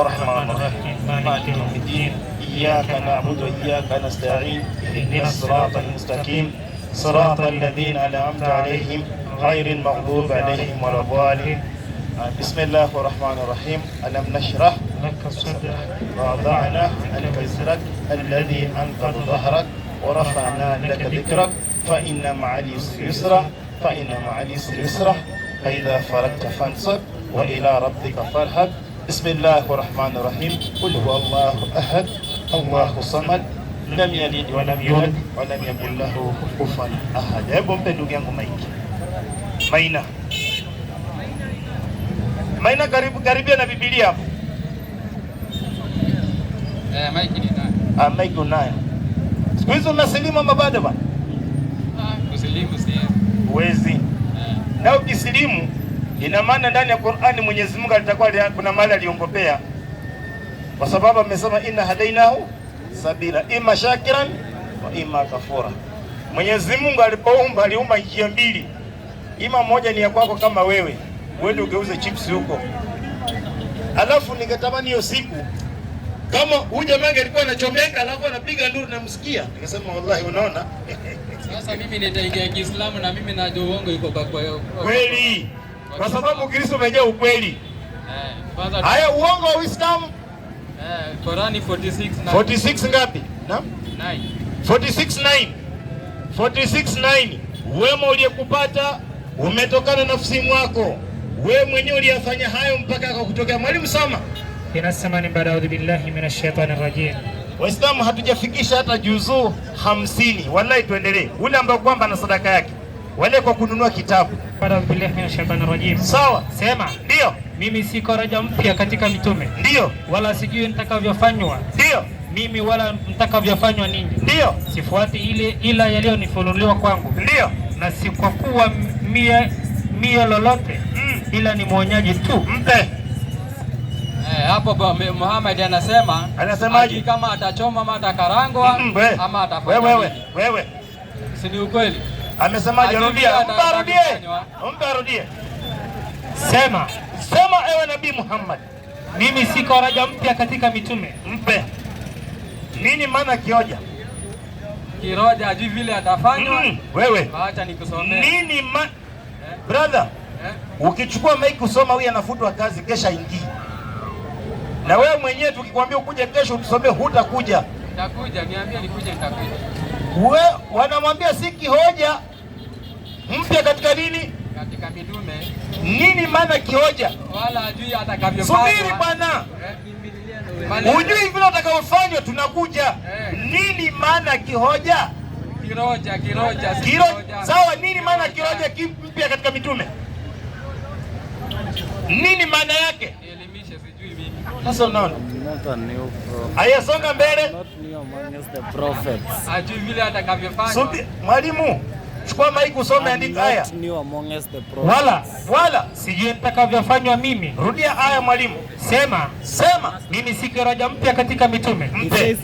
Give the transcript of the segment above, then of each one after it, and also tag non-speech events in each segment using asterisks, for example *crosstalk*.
الرحمن الرحيم مالك يوم الدين إياك نعبد وإياك نستعين اهدنا الصراط المستقيم صراط الذين أنعمت عليهم غير المغضوب عليهم ولا الضالين بسم الله الرحمن الرحيم ألم نشرح لك صدرك ووضعنا عنك وزرك الذي أنقض ظهرك ورفعنا لك ذكرك فإن مع اليسر يسرا فإن مع اليسر يسرا فإذا فرجت فانصب وإلى ربك فارهب Bismillahi rahmani rahim qul huwa Allahu ahad Allahu samad lam yalid wa yulad wa yakul lahu kufuwan ahad. Hebu mpe ndugu yangu maiki Maina, Maina, karibu karibia na Biblia hapo. Eh, maiki ni nani? Ah, maiki unayo. Siku hizo unasilimu ama bado bwana? Ah, kusilimu si. Uwezi. Eh. Na ukisilimu Ina maana ndani ya Qur'ani Mwenyezi Mungu alitakuwa kuna mali aliongopea, kwa sababu amesema inna hadainahu sabila ima shakiran wa ima kafura. Mwenyezi Mungu alipoumba aliumba njia mbili, ima moja ni ya kwako kama wewe uende ugeuze chips huko. Alafu ningetamani hiyo siku kama huyu jamaa alikuwa anachomeka alafu anapiga nduru namsikia, nikasema wallahi, unaona sasa mimi nitaingia Kiislamu na mimi najua uongo iko kwako kweli kwa sababu Kristo umejaa ukweli. Haya, uongo wa Uislamu eh, Korani 46 46 ngapi? 46:9 46:9 wema uliyekupata umetokana nafsi mwako wewe mwenyewe uliyafanya hayo mpaka akakutokea. Mwalimu Sama inasema ni baada, audhu billahi minash shaitani rajim. Waislamu hatujafikisha hata juzuu hamsini, wallahi tuendelee. Ule ambaye kwamba na sadaka yake wale kwa kununua kitabu. Sawa, sema ndio. Mimi siko raja mpya katika mitume, ndio, wala sijui nitakavyofanywa, ndio mimi wala mtakavyofanywa ninyi, ndio. Sifuati ile ila yaliyonifunuliwa kwangu, ndio, na si kwa kuwa mie, mie lolote mm, ila ni mwonyaji tu. Mpe eh, hapo Muhammad anasema, anasemaje? Kama atachoma ama atakarangwa mm, ama atafanya wewe, wewe, wewe, si ni ukweli? Amesemaje? Rudia, mpe arudie, mpe arudie. Sema, sema ewe Nabii Muhammad, mimi si koraja mpya katika mitume. Mpe nini maana kioja? Kiroja ajui vile atafanywa. Mm, wewe acha nikusomee nini ma... eh? Brother eh? Ukichukua maiki kusoma huyu anafutwa kazi, kesha ingii na wewe mwenyewe tukikwambia ukuje kesho utusomee, hutakuja. Nitakuja, niambie nikuje, nitakuja. We, wanamwambia si kihoja mpya katika nini katika midume. Nini maana kihoja? Wala ajui atakavyofanya. Subiri bwana, hujui vile atakavyofanywa. Tunakuja eh. nini maana kihoja? Kiroja, kiroja, si kiroja. Sawa, nini maana kiroja kimpya katika mitume? Nini maana yake? Elimisha, sijui mimi. Sasa unaona? aya, songa mbele. Mwalimu, chukua maiki usome andika haya. Wala sijui nitakavyofanywa mimi. Rudia haya mwalimu. Sema, sema mimi si kiroja mpya katika mitume. Mpe.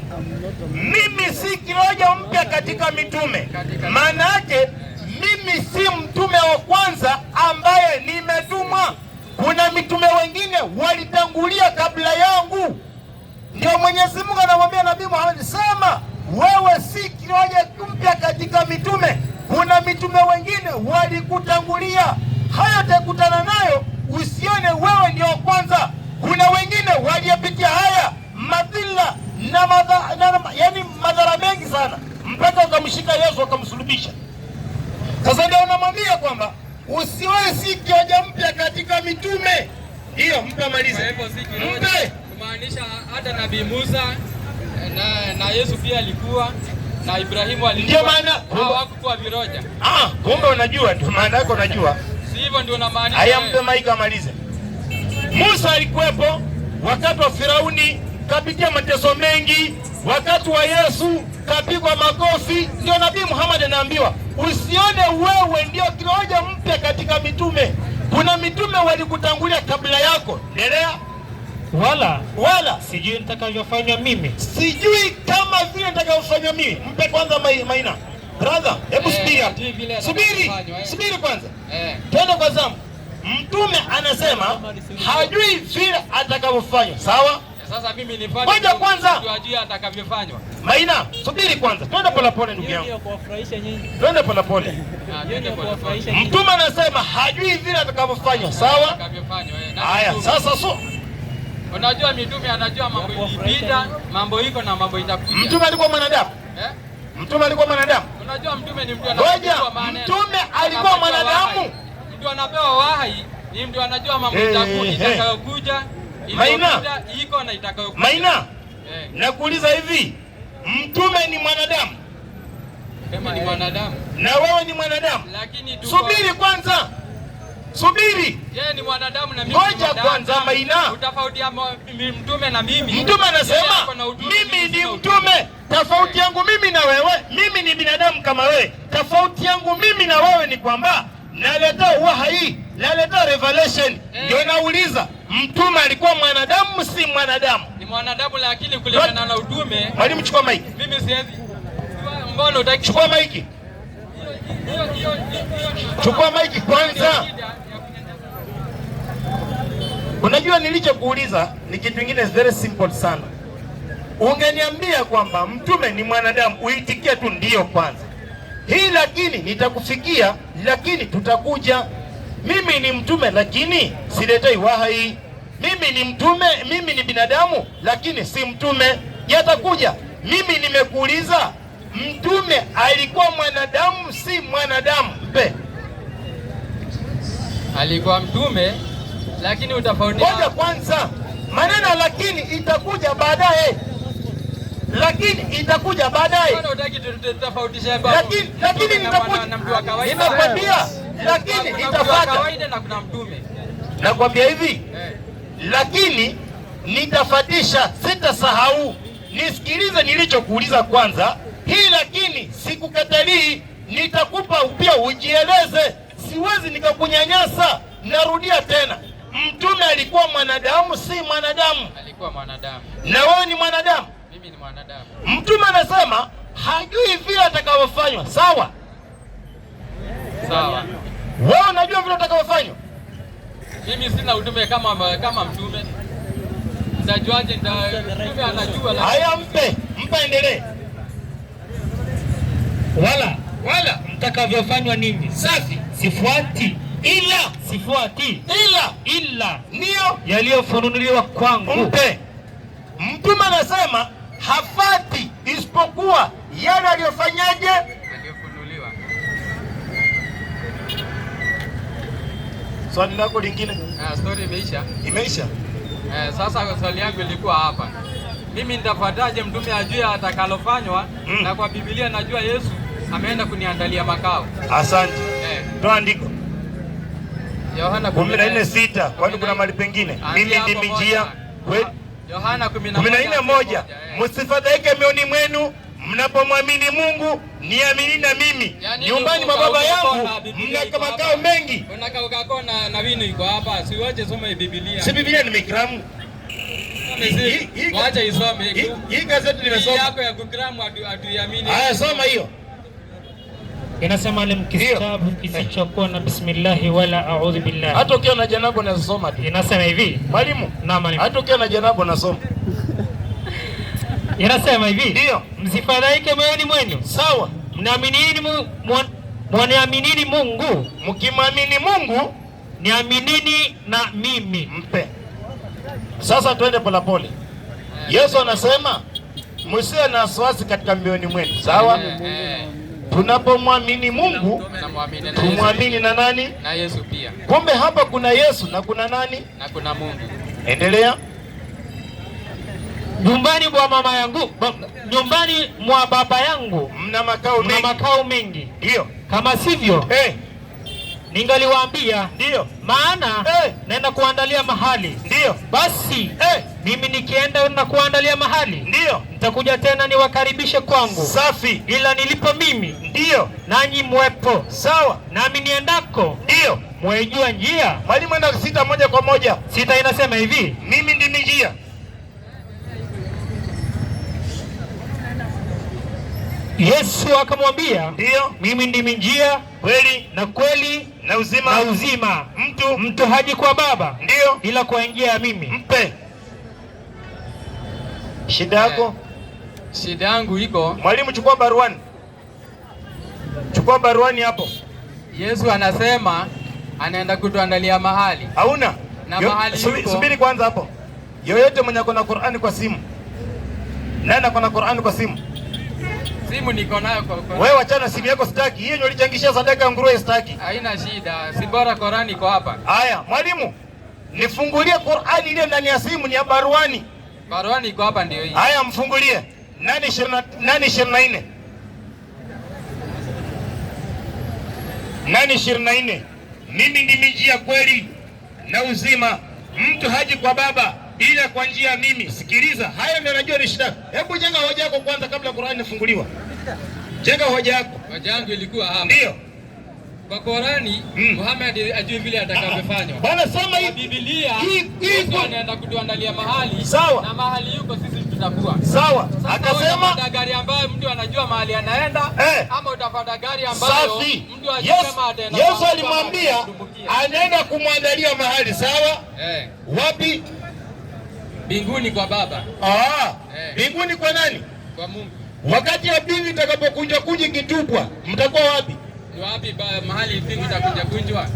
Mimi si kiroja mpya katika mitume. Maana yake mimi si mtume wa kwanza ambaye nimetumwa. Kuna mitume wengine walitangulia kabla yangu. Ndio Mwenyezi Mungu anamwambia Nabii Muhammad, sema wewe si kioja mpya katika mitume, kuna mitume wengine walikutangulia, hayo utakutana nayo, usione wewe ndio wa kwanza. Kuna wengine waliyepitia haya madhila na yani madhara mengi sana mpaka wakamshika Yesu wakamsulubisha. Sasa ndio unamwambia kwamba usiwe si kioja mpya katika mitume. Hiyo mpe amalize mpe inamaanisha hata Nabii Musa eh, na, na Yesu pia alikuwa na Ibrahimu alikuwa, ndio maana hawakuwa viroja. Ah, kumbe unajua, ndio maana yako unajua, Si hivyo Ndio unamaanisha haya. Mpe maika amalize. Musa alikuwepo wakati wa Firauni, kapitia mateso mengi. Wakati wa Yesu kapigwa makofi. Ndio Nabii Muhammad anaambiwa usione wewe ndio kiroja mpya katika mitume, kuna mitume walikutangulia kabla yako. Endelea wala wala sijui nitakavyofanya mimi, sijui kama vile nitakavyofanya mimi. Mpe kwanza Maina. Brother, hebu eh, subiri, subiri, eh. subiri kwanza, eh. twende kwa zamu. Mtume anasema hajui vile atakavyofanya Sawa, Sasa mimi moja kwanza, hajui atakavyofanywa. Maina, subiri kwanza, twende polepole ndugu yangu, twende polepole. Ah, mtume anasema hajui vile atakavyofanywa. Sawa, eh, haya sasa so Unajua mitume anajua mambo ilipita, mambo iko na mambo itakuja. Mtume alikuwa mwanadamu? Eh? Mtume alikuwa mwanadamu? Unajua mtume ni mtu anapewa maana. Mtume alikuwa mwanadamu? Mtu anapewa wahi ni mtu anajua mambo itakuja, itakayokuja, Maina iko na itakayokuja. Maina. Eh. Nakuuliza hivi, mtume ni mwanadamu? Mimi ni mwanadamu. Na wewe ni mwanadamu? Lakini subiri kwanza. Subiri, ni mwanadamu na mimi? ngoja kwanza. Maina mtume na mimi. Mtume anasema mimi ni mtume, tofauti yangu mimi na wewe, mimi ni binadamu kama wewe. Tofauti yangu mimi na wewe ni kwamba naleta wahai, naleta revelation. Eh. Ndio hey. Nauliza, mtume alikuwa mwanadamu, si mwanadamu? Ni mwanadamu lakini kulingana na utume. Mwalimu, chukua maiki. Mimi siwezi. Mbona utaki? Chukua maiki. Chukua maiki kwanza. Unajua, nilichokuuliza ni kitu kingine very simple sana. Ungeniambia kwamba mtume ni mwanadamu, uitikia tu ndiyo kwanza hii, lakini nitakufikia, lakini tutakuja. Mimi ni mtume, lakini siletei wahai. Mimi ni mtume, mimi ni binadamu, lakini si mtume. Yatakuja. Mimi nimekuuliza Mtume alikuwa mwanadamu, si mwanadamu mpe. Alikuwa mtume, lakini utafauti moja. Kwanza maneno lakini itakuja baadaye, lakini itakuja baadaye, lakini nimekwambia, lakini itafuata. Nakwambia hivi, eh. lakini nitafatisha, sitasahau. Nisikilize nilichokuuliza kwanza nikikukatalii nitakupa pia ujieleze, siwezi nikakunyanyasa. Narudia tena, Mtume alikuwa mwanadamu, si mwanadamu. Alikuwa mwanadamu. Na wewe ni mwanadamu. Mimi ni mwanadamu. Mtume anasema hajui vile atakavyofanywa. Sawa sawa, wewe unajua vile atakavyofanywa? Mimi sina utume kama kama mtume, nitajuaje? Mtume anajua. Haya, mpe mpe, endelee wala wala mtakavyofanywa ninyi. Safi. Sifuati ila sifuati ila ila niyo yaliyofunuliwa kwangu. Mpe mtume anasema hafati isipokuwa yale aliyofanyaje? Aliyofunuliwa. Swali lako lingine? Ah, story imeisha. Imeisha. Eh, sasa swali yangu ilikuwa hapa, mimi nitafuataje mtume ajue atakalofanywa? Mm. na kwa Biblia najua Yesu Ameenda kuniandalia makao. Asante. Eh. Toa andiko. Yohana 14:6. Kwani kuna mali pengine? Mimi ndimi njia. Ah, Yohana 14:1. Eh. Msifadhaike mioni mwenu mnapomwamini Mungu niamini na mimi, yani nyumbani mwa Baba yangu mna makao mengi. na na iko hapa, Si waje soma Biblia Si Biblia ni mikramu Waje isome. hii gazeti nimesoma. Yako ya kukramu Haya, soma hiyo. Inasema ile mkistabu kisichokuwa na bismillahi wala a'udhu billahi. Hata ukiwa na janaba unasoma tu. Inasema hivi. Mwalimu. Na mwalimu. Hata ukiwa na janaba unasoma. Inasema hivi. Ndio. Msifadhaike moyoni mwenu. Sawa. Mnaaminini mwaniaminini Mungu. Mkimwamini Mungu niaminini na mimi. Mpe. Sasa tuende polepole. Yesu anasema msiwe na wasiwasi katika mioyoni mwenu. Sawa? Tunapomwamini Mungu tumwamini na nani? Na Yesu pia. Kumbe hapa kuna Yesu na kuna nani? Na kuna Mungu. Endelea. Nyumbani mwa mama yangu, nyumbani mwa baba yangu mna makao mengi, makao mengi. Ndio. Kama sivyo hey, eh. ningaliwaambia. Ndio. Maana hey, eh. naenda kuandalia mahali. Ndio. Basi hey, eh. Mimi nikienda na kuandalia mahali, ndio nitakuja tena niwakaribishe kwangu. Safi. Ila nilipo mimi, ndio nanyi mwepo. Sawa. Nami niendako, ndio mwaijua njia. Mwalimu, enda sita moja kwa moja. Sita inasema hivi, mimi ndimi njia. Yesu akamwambia, ndio mimi ndimi njia, kweli na kweli na uzima, na uzima. Mtu mtu haji kwa Baba ndio ila kwa njia ya mimi. Mpe Shida eh, yako? shida yangu iko. Mwalimu, chukua baruani, chukua baruani hapo. Yesu anasema anaenda kutuandalia mahali. Hauna? Na Yo, mahali subi, yuko. Subiri kwanza hapo. Yoyote mwenye kuna Qur'ani kwa simu. Nani ako Qur'ani kwa simu? Simu niko nayo kwa kwa. Wewe achana simu yako sitaki. Hiyo ndio sadaka ya nguruwe sitaki. Haina shida. Si bora Qur'ani iko hapa. Haya, mwalimu. Nifungulie Qur'ani ile ndani ya simu ni ya baruani. Baruani niko hapa ndio hii. Haya mfungulie. Nani shirna, nani shirna ine? Nani shirna ine? Mimi ndimi njia kweli na uzima. Mtu haji kwa Baba ila kwa njia mimi. Sikiliza, haya ndio najua ni shida. Hebu jenga hoja yako kwanza kabla Qur'ani ifunguliwa. Jenga hoja yako. Hoja yangu ilikuwa hapa. Ndio. Kwa Korani mm. Muhammad ajui vile atakavyofanywa. Ah. Bwana soma hii Biblia iko anaenda kutuandalia mahali sawa, na mahali yuko sisi tutakuwa sawa. Akasema gari ambayo mtu anajua mahali anaenda eh, ama utapata gari ambayo mtu ajua kama ataenda. Yesu alimwambia anaenda kumwandalia mahali sawa eh, wapi? Mbinguni kwa Baba. Ah, eh. mbinguni kwa nani? Kwa Mungu. Wakati ya pili itakapokuja kuja kitupwa, mtakuwa wapi? ni wapi mahali pingu itakuja kunjwa? *laughs*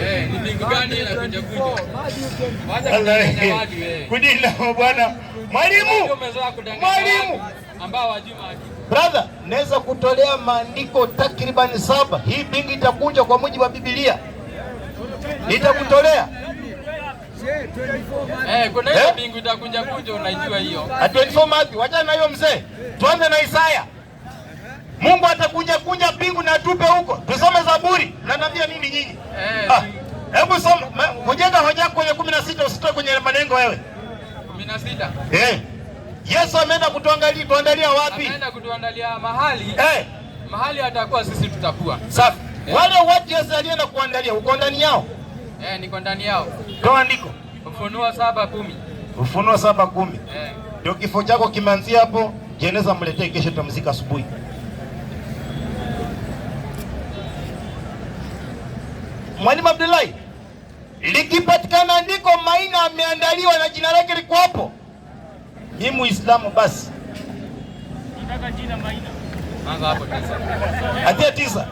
Eh, gani kunjwa? Kudila bwana mwalimu, mwalimu ambao brother, naweza kutolea maandiko takribani saba. Hii pingu itakuja kwa mujibu wa Biblia, nitakutolea Eh, kuna hiyo eh? hiyo. Ah, wacha na hiyo mzee. Tuanze na Isaya Mungu atakuja kunja mbingu na tupe huko. Tusome Zaburi. na Nanavia nini nyinyi? Eh. Ah. Hebu soma hojeka hoja kwenye 16 usitoe kwenye malengo wewe. 16. Eh. Yesu ameenda kutuangalia tuandalia wapi? Ameenda kutuandalia mahali. Eh. Mahali atakuwa sisi tutakuwa. Safi. Eh. Wale watu Yesu alienda kuandalia uko ndani yao. Eh, niko ndani yao. Toa andiko. Ufunuo 7:10. Ufunuo 7:10. Eh. Ndio kifo chako kimeanzia hapo. Jeneza mletee kesho, tamzika asubuhi. Mwalimu Abdullahi, likipatikana andiko Maina ameandaliwa na jina lake liko hapo, ni Muislamu basi atia tisa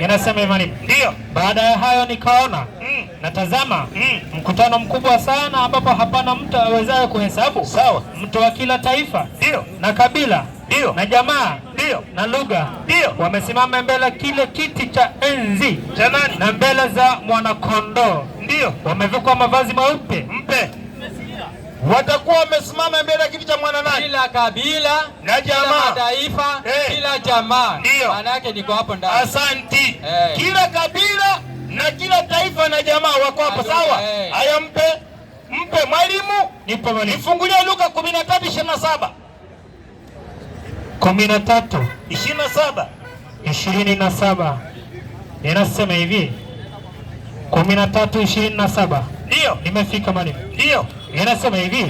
inasema imani ndio. Baada ya hayo nikaona mm. natazama mm. mkutano mkubwa sana ambapo hapana mtu awezaye kuhesabu. Sawa, mtu wa kila taifa ndio na kabila ndio na jamaa ndio na lugha ndio wamesimama mbele kile kiti cha enzi cha nani, na mbele za mwanakondoo ndio wamevikwa mavazi meupe mpe watakuwa wamesimama mbele kiti cha mwana nani? Kila kabila na jamaa, taifa, eh. kila jamaa. Ndio maana yake niko hapo ndani. Asanti. Hey. Eh. Kila kabila na kila taifa na jamaa wako hapo, sawa. Haya, eh. hey. Mpe mpe mwalimu, nifungulie Luka 13:27 kumi na tatu ishirini na saba ishirini na saba ninasema hivi kumi na tatu ishirini na saba ndio nimefika mwalimu, ndio ninasema hivi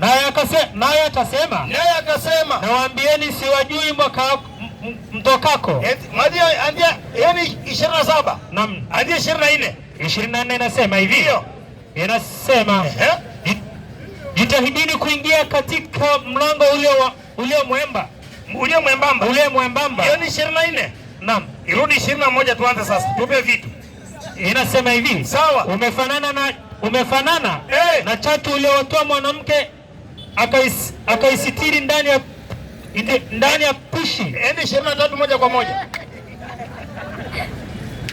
naye akasema, naye atasema, naye akasema, nawaambieni siwajui mwaka mtokako. Yani ishirini na saba naam, hadi ishirini na nne ishirini na nne inasema hivi, ndio inasema jitahidini kuingia katika mlango ule ule mwemba ule mwembamba, ule mwembamba, hiyo ni 24. Naam, irudi 21, tuanze sasa, tupe vitu. Inasema hivi, sawa, umefanana na umefanana hey, eh. na chatu uliotoa mwanamke akais, akaisitiri ndani ya ndani ya pishi. Ende 23 moja kwa moja.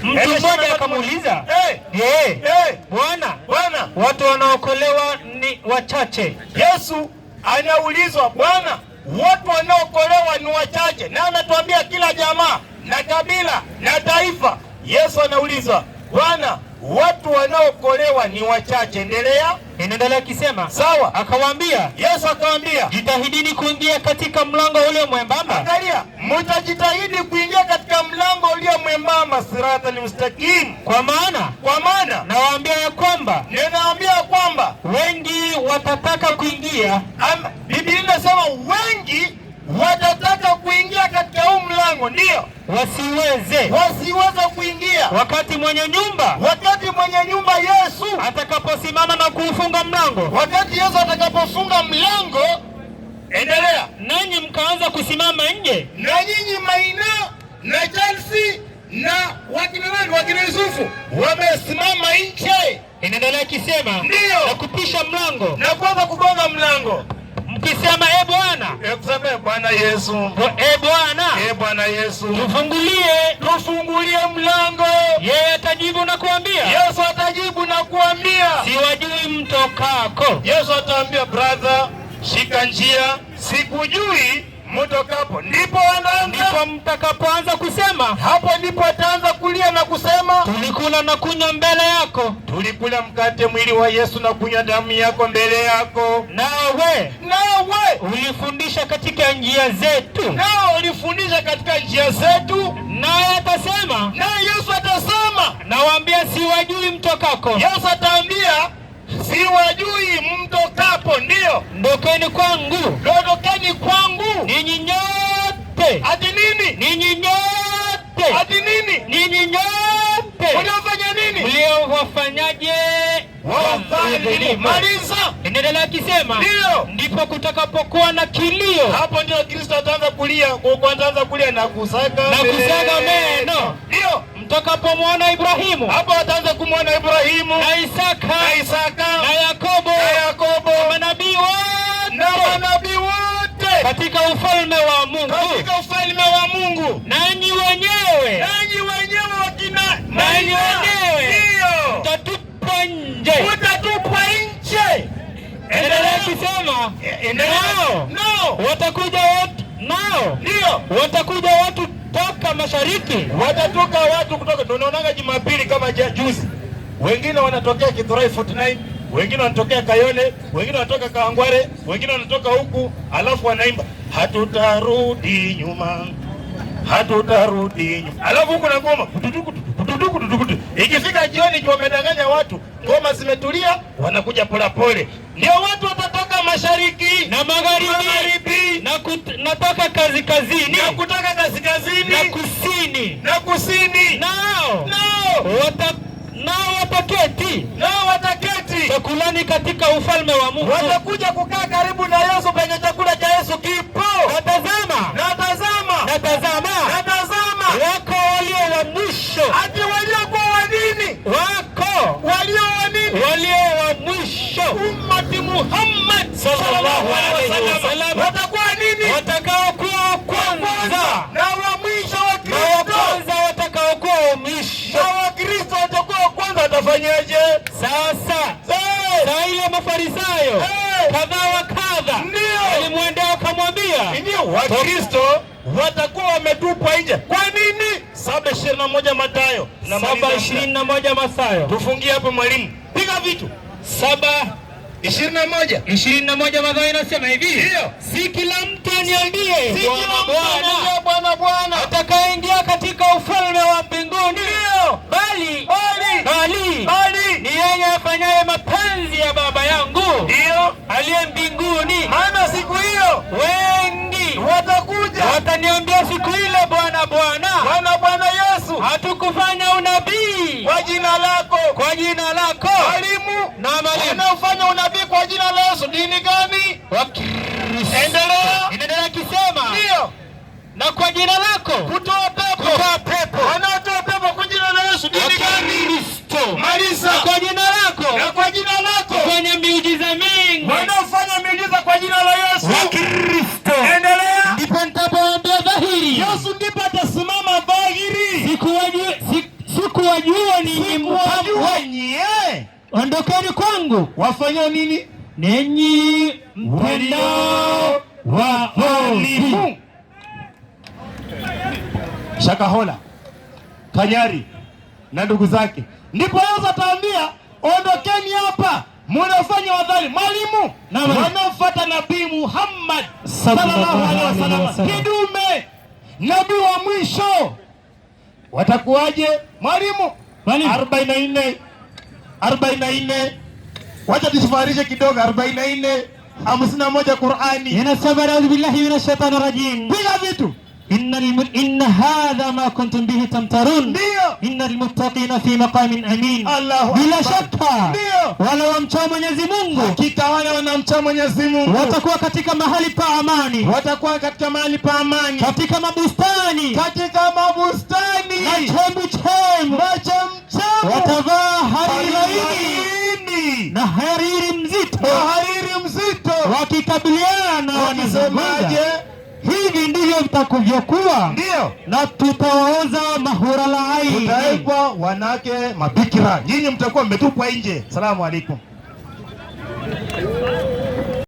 Mtu mmoja akamuuliza hey. Eh. hey, eh. hey, Bwana, Bwana, watu wanaokolewa ni wachache. Yesu anaulizwa Bwana watu wanaokolewa ni wachache, na anatuambia kila jamaa na kabila na taifa. Yesu anauliza Bwana watu wanaokolewa ni wachache. Endelea, inaendelea akisema sawa. Akawaambia, Yesu akawaambia, jitahidini kuingia katika mlango ule mwembamba. Angalia, mtajitahidi kuingia katika mlango ulio mwembamba, sirata ni mustaqim, kwa maana kwa maana nawaambia ya kwamba ninawaambia kwamba wengi watataka kuingia. Biblia inasema wengi watataka kuingia katika mlango ndio wasiweze wasiweze kuingia. Wakati mwenye nyumba wakati mwenye nyumba Yesu atakaposimama na kuufunga mlango, wakati Yesu atakapofunga mlango, endelea nanyi mkaanza kusimama nje, na nyinyi Maina na Chelsea na wakina nani, wakina Yusufu wamesimama nje. Inaendelea ikisema ndio, na kupisha mlango na kuanza kugonga mlango kisema e eh, Bwana, e Bwana Yesu, e Bwana, e Bwana Yesu, tufungulie, tufungulie mlango, yeye atajibu na kuambia, Yesu atajibu na kuambia, siwajui mtokako. Yesu ataambia, brother, shika njia, sikujui mtokapo, ndipo ndipo mtakapoanza kusema, hapo ndipo ataanza kulia na kusema, tulikula na kunywa mbele yako, tulikula mkate mwili wa Yesu na kunywa damu yako mbele yako. Nawe nawe ulifundisha katika njia zetu, nawe ulifundisha katika njia zetu. Naye atasema, naye Yesu atasema, nawaambia siwajui mtokako. Yesu ataambia siwajui mtokapo. Ndiyo, ndokeni kwangu, ndokeni kwangu ninyi nyote. Ati nini? Ninyi nyote nyote. Ati nini? Ninyi nyote. Mliofanya nini? Mliowafanyaje wadhalimu. Maliza. Endelea akisema. Ndio. Ndipo kutakapokuwa na kilio. Hapo ndio Kristo ataanza kulia, kwa ataanza kulia na kusaga. Na kusaga meno. Ndio. Mtakapomwona Ibrahimu. Hapo ataanza kumwona Ibrahimu. Na Isaka. Na Isaka. Na Yakobo. Na Yakobo. Na manabii wote. Na manabii wote katika ufalme wa Mungu, katika ufalme wa Mungu. Nani wenyewe, Nani wenyewe wakina, nani wenyewe Ndio mtatupwa nje, mtatupwa nje. Endelea kusema, e, nao no, watakuja watu nao, ndio watakuja watu toka mashariki, watatoka watu kutoka. Tunaonaga Jumapili kama juzi, wengine wanatokea Githurai 49 wengine wanatokea Kayole, wengine wanatoka Kaangware, wengine wanatoka huku, alafu wanaimba hatutarudi nyuma, hatutarudi nyuma, alafu huku na ngoma ikifika jioni, ndio wamedanganya watu, ngoma zimetulia, wanakuja polepole. Ndio watu watatoka mashariki na magharibi na kutoka kaskazini na kutoka kazi kazini na kusini na kusini, nao nao wataketi nao Shekulani katika ufalme wa Mungu. Watakuja kukaa karibu na Yesu kwenye chakula cha Yesu kipo. Natazama. Natazama. Natazama. Natazama. Wako walio wa mwisho. Ati walio kwa wanini? Wako. Walio wa nini? Walio wa mwisho. Ummati Muhammad sallallahu alaihi wasallam. Watakuwa nini? Watakao kuwa kwanza. Na wa mwisho wa Kristo. wa kwanza watakao kuwa wa mwisho. Na wa Kristo watakuwa kwanza watafanyaje? Sasa na ile Mafarisayo kadha wa kadha alimwendea akamwambia, Wakristo watakuwa wametupwa nje. Kwa nini? saba ishirini na moja Mathayo saba ishirini na moja Mathayo. Tufungie hapo mwalimu, piga vitu saba ishirini na moja ishirini na moja Mathayo inasema hivi, si kila mtu niambie, Bwana Bwana, atakayeingia katika ufalme wa mbinguni bali bali ni yeye afanyaye mapenzi ya Baba yangu ndio aliye mbinguni. Maana siku hiyo wengi watakuja wataniambia siku hiyo kwa jina lako, kutoa pepo, kutoa pepo, wanaotoa pepo kwa jina la Yesu. Dini gani? Kristo. Maliza kwa jina lako, na kwa jina lako fanya miujiza mingi, wanaofanya miujiza kwa jina la Yesu wa Kristo. Endelea. Ndipo nitapoambia dhahiri, Yesu ndipo atasimama dhahiri. Sikuwajua, sikuwajua ninyi mpambo wenye, eh. ondokeni kwangu. Wafanya nini? Ninyi mpendao wa Mungu. Shakahola, Kanyari na ndugu zake, ndipo Yesu ataambia ondokeni hapa, munafanya wadhali. Mwalimu na wanaofuata Nabii Muhammad sallallahu alaihi wasallam, kidume nabii wa mwisho. Watakuwaje mwalimu? 44 44 Wacha tusifaharishe kidogo 44 51 Qur'ani. Yanasema, a'udhu billahi minash shaitani rajim. Bila vitu inna hadha ma kuntum bihi tamtarun, inna almuttaqina fi maqamin amin. Bila shaka wale wamcha Mwenyezi Mungu, hakika wale wanamcha Mwenyezi Mungu watakuwa katika mahali pa amani, watakuwa katika mahali pa amani, katika mabustani, katika mabustani na chembu chembu, na chembu chembu, watavaa hariri laini na hariri mzito, na hariri mzito, wakikabiliana na wanasemaje Hivi ndivyo vitakavyokuwa, ndio, na tutawaoza mahura lai, tutawekwa wanawake mabikira, nyinyi mtakuwa mmetupwa nje. Salamu alaikum.